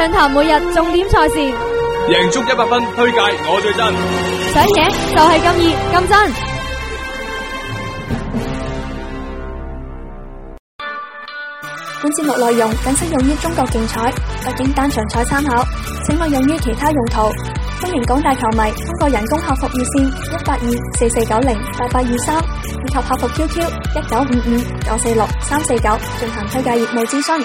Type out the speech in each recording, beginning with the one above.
上台每日重點賽事，贏足一百分，推介我最真，想贏就係、是、咁易咁真。本節目內容僅適用於中國競彩北京單場彩參考，請勿用於其他用途。歡迎廣大球迷通過人工客服熱線一八二四四九零八八二三以及客服 QQ 一九五五九四六三四九進行推介業務諮詢。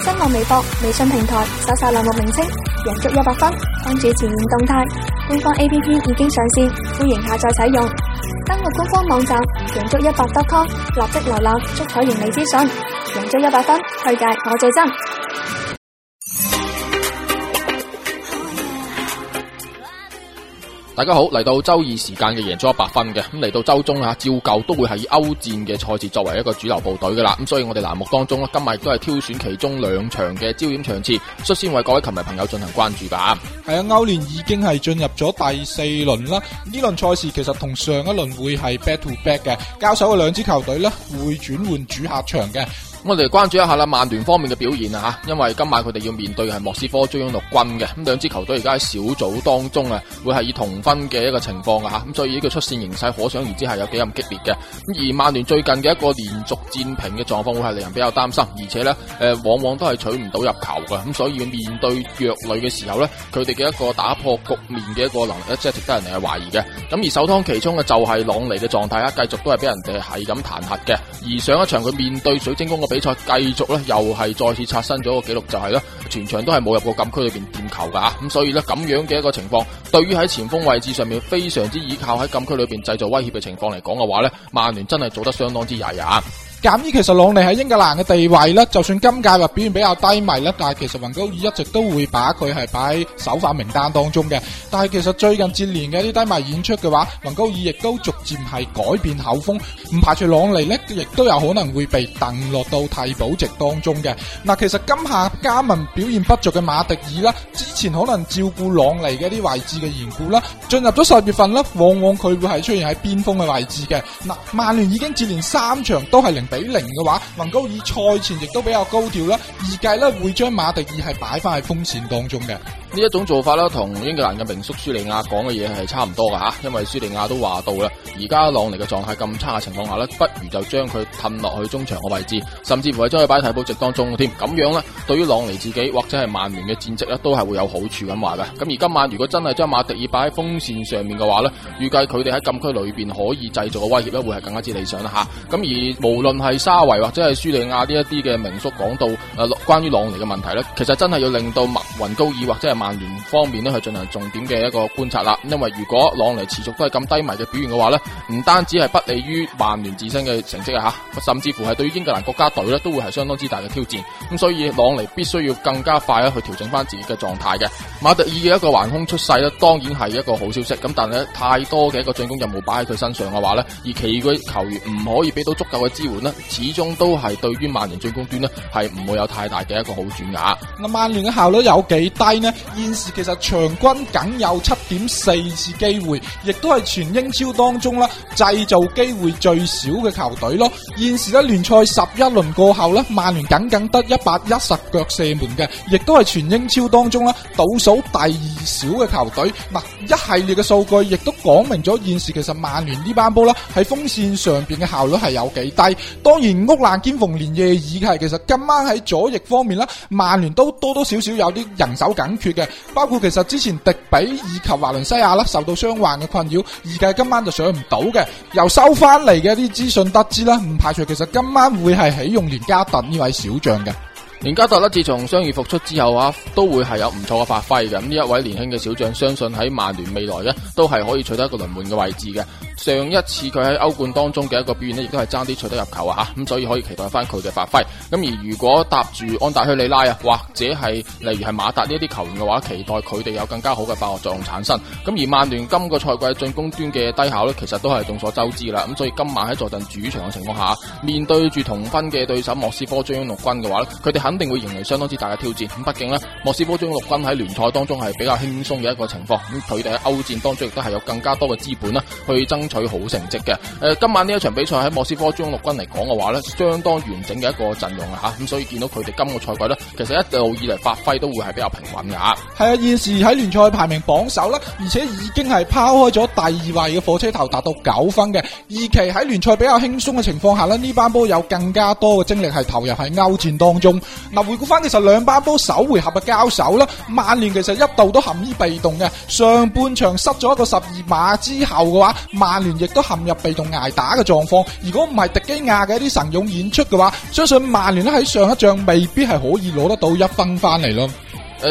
新浪微博、微信平台搜索欄目名稱贏足一百分，關注前沿動態。官方 APP 已經上線，歡迎下載使用。登錄官方網站贏足一百分 .com，立即瀏覽足彩盈利資訊。贏足一百分，推介我最真。大家好，嚟到周二時間嘅贏足 100FUN 嘅，咁嚟到周中吓，照舊都會係以歐戰嘅賽事作為一個主流部隊噶啦，咁所以我哋欄目當中咧，今日都係挑選其中兩場嘅焦點場次，率先為各位球迷朋友進行關注吧。係啊，歐聯已經係進入咗第四輪啦，呢輪賽事其實同上一輪會係 back to back 嘅，交手嘅兩支球隊呢，會轉換主客場嘅。我哋關注一下啦，曼聯方面嘅表現啊，吓，因為今晚佢哋要面對係莫斯科中央陸軍嘅，咁兩支球隊而家喺小組當中啊，會係以同分嘅一個情況嘅吓，咁所以呢個出線形勢可想而知係有幾咁激烈嘅。咁而曼聯最近嘅一個連續戰平嘅狀況，會係令人比較擔心，而且咧，誒，往往都係取唔到入球嘅，咁所以要面對弱旅嘅時候咧，佢哋嘅一個打破局面嘅一個能力，即係值得人哋係懷疑嘅。咁而首當其衝嘅就係朗尼嘅狀態啊，繼續都係俾人哋係咁彈劾嘅，而上一場佢面對水晶宮嘅。比賽繼續咧，又係再次刷新咗個紀錄，就係啦，全場都係冇入過禁區裏邊掂球噶吓，咁所以咧，咁樣嘅一個情況，對於喺前鋒位置上面非常之倚靠喺禁區裏邊製造威脅嘅情況嚟講嘅話咧，曼聯真係做得相當之曳啊！鑑於其實朗尼喺英格蘭嘅地位咧，就算今屆話表現比較低迷咧，但係其實雲高爾一直都會把佢係擺喺首發名單當中嘅。但係其實最近接連嘅一啲低迷演出嘅話，雲高爾亦都逐漸係改變口風，唔排除朗尼呢亦都有可能會被鄧落到替補席當中嘅。嗱，其實今夏加盟表現不俗嘅馬迪爾啦，之前可能照顧朗尼嘅一啲位置嘅緣故啦，進入咗十月份啦，往往佢會係出現喺邊鋒嘅位置嘅。嗱，曼聯已經接連三場都係零。比零嘅話，能夠以賽前亦都比較高調啦，預計咧會將馬迪爾係擺翻喺鋒線當中嘅。呢一種做法啦，同英格蘭嘅名宿舒利亞講嘅嘢係差唔多嘅嚇，因為舒利亞都話到啦，而家朗尼嘅狀態咁差嘅情況下咧，不如就將佢氹落去中場嘅位置，甚至乎係將佢擺喺替補席當中嘅添。咁樣咧，對於朗尼自己或者係曼聯嘅戰績咧，都係會有好處咁話嘅。咁而今晚如果真係將馬迪爾擺喺風扇上面嘅話咧，預計佢哋喺禁區裏邊可以製造嘅威脅咧，會係更加之理想啦嚇。咁而無論係沙維或者係舒利亞呢一啲嘅名宿講到誒、呃，關於朗尼嘅問題咧，其實真係要令到麥雲高爾或者係曼聯方面咧去進行重點嘅一個觀察啦，因為如果朗尼持續都係咁低迷嘅表現嘅話咧，唔單止係不利於曼聯自身嘅成績啊，甚至乎係對於英格蘭國家隊咧都會係相當之大嘅挑戰。咁所以朗尼必須要更加快啦去調整翻自己嘅狀態嘅。馬特爾嘅一個橫空出世咧，當然係一個好消息。咁但係咧太多嘅一個進攻任務擺喺佢身上嘅話咧，而其餘球員唔可以俾到足夠嘅支援呢，始終都係對於曼聯進攻端呢係唔會有太大嘅一個好轉噶。曼聯嘅效率有幾低呢？現時其實場均僅有七點四次機會，亦都係全英超當中啦製造機會最少嘅球隊咯。現時嘅聯賽十一輪過後咧，曼聯僅僅得一百一十腳射門嘅，亦都係全英超當中啦倒數第二少嘅球隊。嗱一系列嘅數據，亦都講明咗現時其實曼聯呢班波啦喺鋒線上邊嘅效率係有幾低。當然屋漏兼逢連夜雨係，其實今晚喺左翼方面啦，曼聯都多多少少有啲人手緊缺。嘅，包括其實之前迪比以及華倫西亞啦，受到傷患嘅困擾，而家今晚就上唔到嘅。由收翻嚟嘅啲資訊得知啦，唔排除其實今晚會係起用連加特呢位小將嘅。連加特咧，自從傷癒復出之後啊，都會係有唔錯嘅發揮嘅。咁呢一位年輕嘅小將，相信喺曼聯未來呢，都係可以取得一個輪換嘅位置嘅。上一次佢喺歐冠當中嘅一個表現呢，亦都係爭啲取得入球啊吓，咁所以可以期待翻佢嘅發揮。咁而如果搭住安達靴利拉啊，或者係例如係馬達呢一啲球員嘅話，期待佢哋有更加好嘅化學作用產生。咁而曼聯今個賽季進攻端嘅低效呢，其實都係眾所周知啦。咁所以今晚喺坐鎮主場嘅情況下，面對住同分嘅對手莫斯科中央陸軍嘅話呢，佢哋肯。肯定會迎來相當之大嘅挑戰。咁畢竟咧，莫斯科中央陸軍喺聯賽當中係比較輕鬆嘅一個情況。咁佢哋喺歐戰當中亦都係有更加多嘅資本啦，去爭取好成績嘅。誒、呃，今晚呢一場比賽喺莫斯科中央陸軍嚟講嘅話呢，相當完整嘅一個陣容啊吓。咁所以見到佢哋今個賽季呢，其實一路以嚟發揮都會係比較平穩嘅。係啊，現時喺聯賽排名榜首啦，而且已經係拋開咗第二位嘅火車頭達，達到九分嘅。二期喺聯賽比較輕鬆嘅情況下咧，呢班波有更加多嘅精力係投入喺歐戰當中。嗱，回顧翻，其實兩把波首回合嘅交手啦，曼聯其實一度都陷於被動嘅，上半場失咗一個十二碼之後嘅話，曼聯亦都陷入被動捱打嘅狀況。如果唔係迪基亞嘅一啲神勇演出嘅話，相信曼聯咧喺上一仗未必係可以攞得到一分翻嚟咯。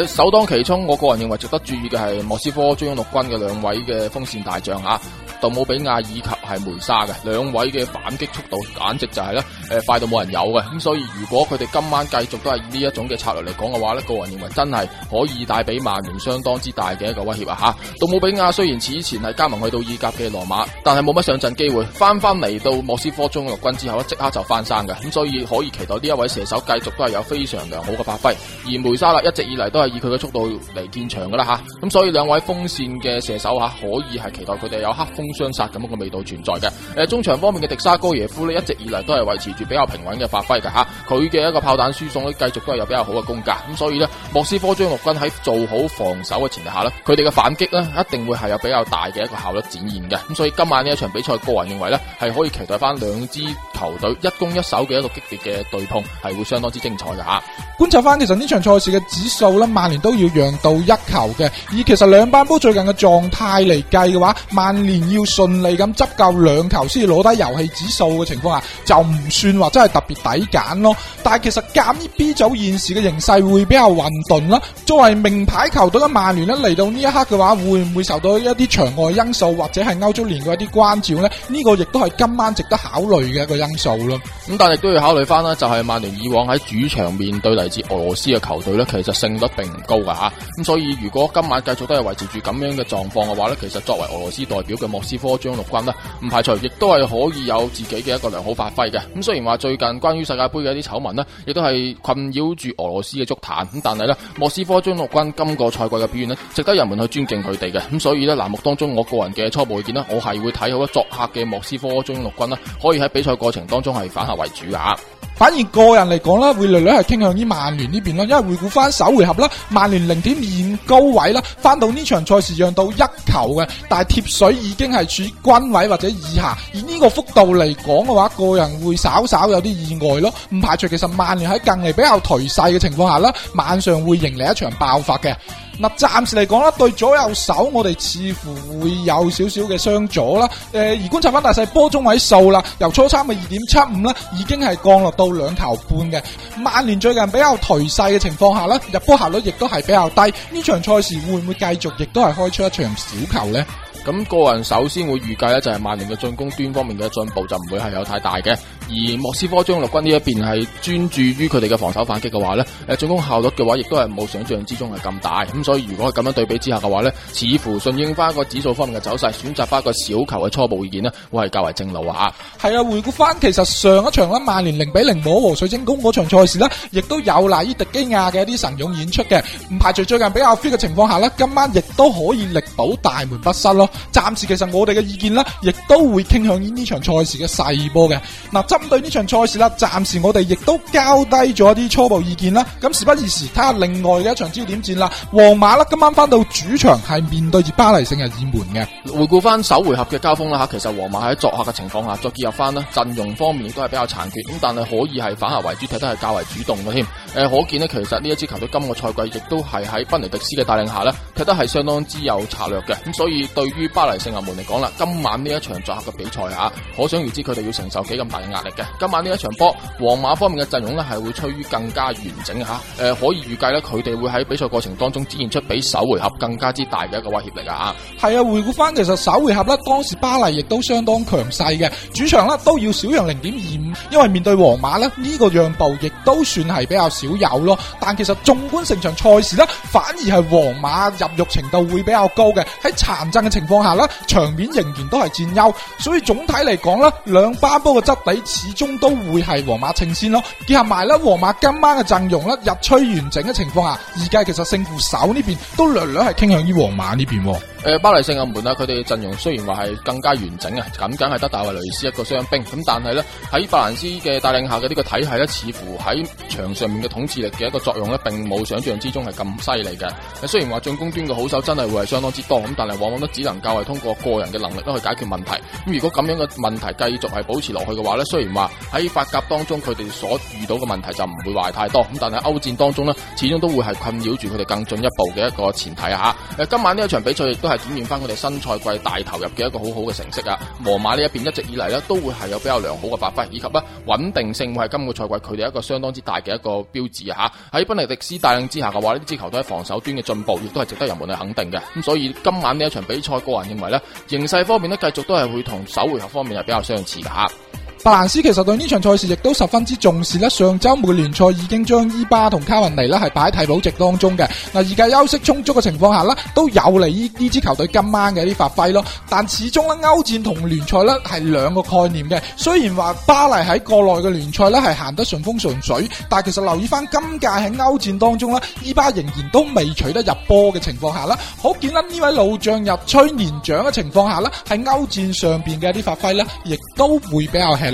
首當其衝，我個人認為值得注意嘅係莫斯科中央陸軍嘅兩位嘅鋒線大將啊，杜姆比亞以及係梅沙嘅兩位嘅反擊速度簡直就係、是、咧，誒、呃、快到冇人有嘅。咁、嗯、所以如果佢哋今晚繼續都係以呢一種嘅策略嚟講嘅話呢，個人認為真係可以帶俾曼聯相當之大嘅一個威脅啊！吓，杜姆比亞雖然此前係加盟去到意甲嘅羅馬，但係冇乜上陣機會，翻翻嚟到莫斯科中央陸軍之後咧，即刻就翻生嘅。咁、嗯、所以可以期待呢一位射手繼續都係有非常良好嘅發揮，而梅沙啦，一直以嚟都係。以佢嘅速度嚟建場噶啦吓，咁所以兩位鋒線嘅射手吓，可以係期待佢哋有黑風相殺咁樣嘅味道存在嘅。誒，中場方面嘅迪沙哥耶夫呢，一直以嚟都係維持住比較平穩嘅發揮嘅吓，佢嘅一個炮彈輸送呢，繼續都係有比較好嘅攻架。咁所以呢，莫斯科將陸軍喺做好防守嘅前提下呢，佢哋嘅反擊呢，一定會係有比較大嘅一個效率展現嘅。咁所以今晚呢一場比賽，個人認為呢係可以期待翻兩支球隊一攻一守嘅一個激烈嘅對碰，係會相當之精彩噶吓。觀察翻，其實呢場賽事嘅指數咧，曼聯都要讓到一球嘅。以其實兩班波最近嘅狀態嚟計嘅話，曼聯要順利咁執夠兩球先至攞低遊戲指數嘅情況下，就唔算話真係特別抵揀咯。但係其實減呢 B 組現時嘅形勢會比較混沌啦。作為名牌球隊嘅曼聯咧，嚟到呢一刻嘅話，會唔會受到一啲場外因素或者係歐洲聯嘅一啲關照咧？呢個亦都係今晚值得考慮嘅一個。分數咯，咁但係都要考慮翻啦，就係曼聯以往喺主場面對嚟自俄羅斯嘅球隊呢，其實勝率並唔高噶吓，咁所以如果今晚繼續都係維持住咁樣嘅狀況嘅話呢，其實作為俄羅斯代表嘅莫斯科中陸軍呢，唔排除亦都係可以有自己嘅一個良好發揮嘅。咁雖然話最近關於世界杯嘅一啲醜聞呢，亦都係困擾住俄羅斯嘅足壇，咁但係呢，莫斯科中陸軍今個賽季嘅表現呢，值得人們去尊敬佢哋嘅。咁所以呢，欄目當中我個人嘅初步意見呢，我係會睇好咗作客嘅莫斯科中陸軍啦，可以喺比賽過。當中係反客為主噶，反而個人嚟講咧，會略略係傾向於曼聯呢邊咯，因為回顧翻首回合啦，曼聯零點二五高位啦，翻到呢場賽事讓到一球嘅，但係貼水已經係處均位或者以下，以呢個幅度嚟講嘅話，個人會稍稍有啲意外咯，唔排除其實曼聯喺近期比較頹勢嘅情況下啦，晚上會迎嚟一場爆發嘅。嗱，暫時嚟講啦，對左右手我哋似乎會有少少嘅傷咗啦。誒，而觀察翻大細波中位數啦，由初三嘅二點七五啦，已經係降落到兩球半嘅。曼聯最近比較頹勢嘅情況下啦，入波效率亦都係比較低。呢場賽事會唔會繼續亦都係開出一場小球呢？咁個人首先會預計咧就係曼聯嘅進攻端方面嘅進步就唔會係有太大嘅，而莫斯科中央陸軍呢一邊係專注於佢哋嘅防守反擊嘅話咧，誒進攻效率嘅話亦都係冇想象之中係咁大，咁所以如果係咁樣對比之下嘅話咧，似乎順應翻個指數方面嘅走勢，選擇翻個小球嘅初步意見呢會係較為正路啊吓。係啊，回顧翻其實上一場啦，曼聯零比零悶和水晶宮嗰場賽事呢，亦都有賴於迪基亞嘅一啲神勇演出嘅，唔排除最近比較 fit 嘅情況下呢，今晚亦都可以力保大門不失咯。暫時其實我哋嘅意見呢，亦都會傾向於呢場賽事嘅細波嘅。嗱，針對呢場賽事啦，暫時我哋亦都交低咗一啲初步意見啦。咁、啊、事不宜遲，睇下另外嘅一場焦點戰啦。皇馬啦今晚翻到主場係面對住巴黎聖日耳門嘅。回顧翻首回合嘅交鋒啦吓，其實皇馬喺作客嘅情況下再結合翻啦，陣容方面亦都係比較殘缺，咁但係可以係反客為主，睇得係較為主動嘅添。誒，可見呢，其實呢一支球隊今個賽季亦都係喺賓尼迪斯嘅帶領下呢，睇得係相當之有策略嘅。咁所以對於對巴黎聖日門嚟講啦，今晚呢一場作客嘅比賽啊，可想而知佢哋要承受幾咁大嘅壓力嘅。今晚呢一場波，皇馬方面嘅陣容呢係會趨於更加完整吓。誒、呃，可以預計呢，佢哋會喺比賽過程當中展現出比首回合更加之大嘅一個威脅力噶吓。係啊，回顧翻其實首回合呢，當時巴黎亦都相當強勢嘅，主場呢都要少贏零點二五，因為面對皇馬呢，呢、這個讓步亦都算係比較少有咯。但其實縱觀成場賽事呢，反而係皇馬入獄程度會比較高嘅，喺殘陣嘅情況。放下啦，場面仍然都係佔優，所以總體嚟講咧，兩班波嘅質地始終都會係皇馬稱先咯。結合埋啦，皇馬今晚嘅陣容咧，入吹完整嘅情況下，而家其實勝負手呢邊都略略係傾向於皇馬呢邊。誒，巴黎聖日門，啊，佢哋嘅陣容雖然話係更加完整啊，僅僅係得大衛雷斯一個傷兵，咁但係咧，喺法蘭斯嘅帶領下嘅呢個體系，咧，似乎喺場上面嘅統治力嘅一個作用咧，並冇想象之中係咁犀利嘅。誒雖然話進攻端嘅好手真係會係相當之多，咁但係往往都只能夠係通過個人嘅能力都去解決問題。咁如果咁樣嘅問題繼續係保持落去嘅話咧，雖然話喺法甲當中佢哋所遇到嘅問題就唔會話太多，咁但係歐戰當中呢，始終都會係困擾住佢哋更進一步嘅一個前提啊！誒今晚呢一場比賽亦都係。檢驗翻佢哋新賽季大投入嘅一個好好嘅成績啊！皇馬呢一邊一直以嚟呢都會係有比較良好嘅發揮，以及呢穩定性會係今個賽季佢哋一個相當之大嘅一個標誌啊！喺賓尼迪斯帶領之下嘅話，呢支球隊喺防守端嘅進步，亦都係值得人們去肯定嘅。咁所以今晚呢一場比賽，個人認為呢，形勢方面呢，繼續都係會同首回合方面係比較相似嘅吓。白蘭斯其實對呢場賽事亦都十分之重視，呢上周末嘅聯賽已經將伊巴同卡文尼呢係擺喺替補席當中嘅。嗱，而家休息充足嘅情況下呢，都有利於呢支球隊今晚嘅一啲發揮咯。但始終呢，歐戰同聯賽呢係兩個概念嘅。雖然話巴黎喺國內嘅聯賽呢係行得順風順水，但其實留意翻今屆喺歐戰當中呢，伊巴仍然都未取得入波嘅情況下啦，好見呢位老將入催年長嘅情況下呢，喺歐戰上邊嘅一啲發揮呢，亦都會比較輕。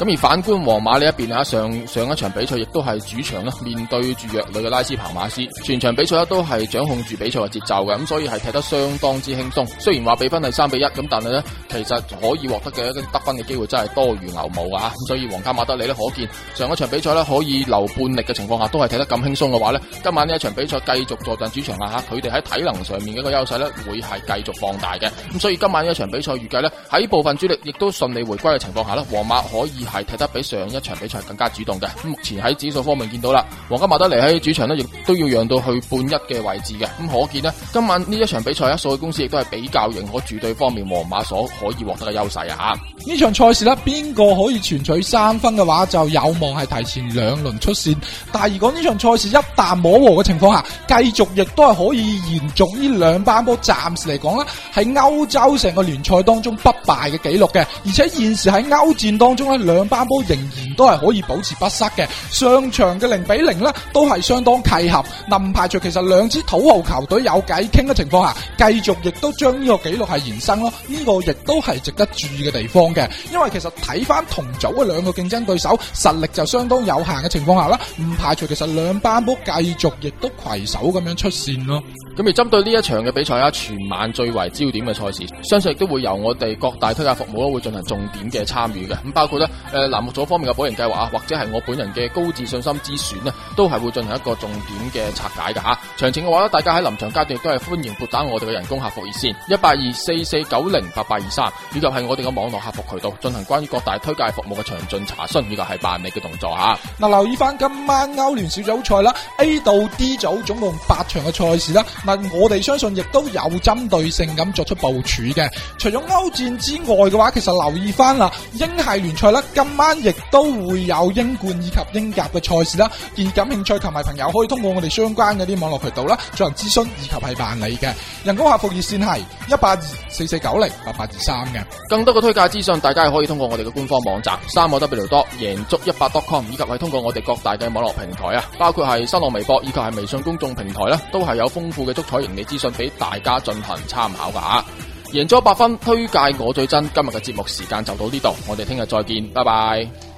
咁而反觀皇馬呢一邊啊，上上一場比賽亦都係主場啦，面對住弱旅嘅拉斯帕馬斯，全場比賽咧都係掌控住比賽嘅節奏嘅，咁所以係踢得相當之輕鬆。雖然話比分係三比一，咁但係咧其實可以獲得嘅得分嘅機會真係多如牛毛啊！所以皇家馬德里咧，可見上一場比賽咧可以留半力嘅情況下，都係踢得咁輕鬆嘅話咧，今晚呢一場比賽繼續坐鎮主場啊！吓，佢哋喺體能上面嘅一個優勢咧會係繼續放大嘅，咁所以今晚呢一場比賽預計咧喺部分主力亦都順利回歸嘅情況下咧，皇馬可以。係睇得比上一場比賽更加主動嘅。目前喺指數方面見到啦，皇家馬德里喺主場呢亦都要讓到去半一嘅位置嘅。咁可見呢，今晚呢一場比賽，呢數嘅公司亦都係比較認可主隊方面皇馬所可以獲得嘅優勢啊！呢場賽事呢，邊個可以全取三分嘅話，就有望係提前兩輪出線。但如果呢場賽事一旦磨和嘅情況下，繼續亦都係可以延續呢兩班波暫時嚟講呢喺歐洲成個聯賽當中不敗嘅記錄嘅。而且現時喺歐戰當中呢。兩班波仍然都係可以保持不失嘅，上場嘅零比零呢都係相當契合。唔排除其實兩支土豪球隊有偈傾嘅情況下，繼續亦都將呢個紀錄係延伸咯。呢個亦都係值得注意嘅地方嘅，因為其實睇翻同組嘅兩個競爭對手實力就相當有限嘅情況下啦，唔排除其實兩班波繼續亦都携手咁樣出線咯。咁而針對呢一場嘅比賽啦，全晚最為焦點嘅賽事，相信亦都會由我哋各大推介服務啦，會進行重點嘅參與嘅。咁包括咧，誒、呃，欄目組方面嘅保贏計劃啊，或者係我本人嘅高自信心之選咧，都係會進行一個重點嘅拆解嘅吓。詳情嘅話，大家喺臨場階段亦都係歡迎撥打我哋嘅人工客服熱線一八二四四九零八八二三，124, 490, 823, 以及係我哋嘅網絡客服渠道，進行關於各大推介服務嘅詳盡查詢以及係辦理嘅動作吓。嗱，留意翻今晚歐聯小組賽啦，A 到 D 組總共八場嘅賽事啦。嗱，我哋相信亦都有針對性咁作出部署嘅。除咗歐戰之外嘅話，其實留意翻啦，英系聯賽啦，今晚亦都會有英冠，以及英甲嘅賽事啦。建議感興趣球迷朋友可以通過我哋相關嘅啲網絡渠道啦，進行諮詢以及係辦理嘅。人工客服熱線係一八二四四九零八八二三嘅。更多嘅推介資訊，大家係可以通過我哋嘅官方網站三個 W 多贏足一百 .com，以及係通過我哋各大嘅網絡平台啊，包括係新浪微博以及係微信公眾平台啦，都係有豐富嘅足彩盈利資訊俾大家進行參考噶，贏咗百分，推介我最真。今日嘅節目時間就到呢度，我哋聽日再見，拜拜。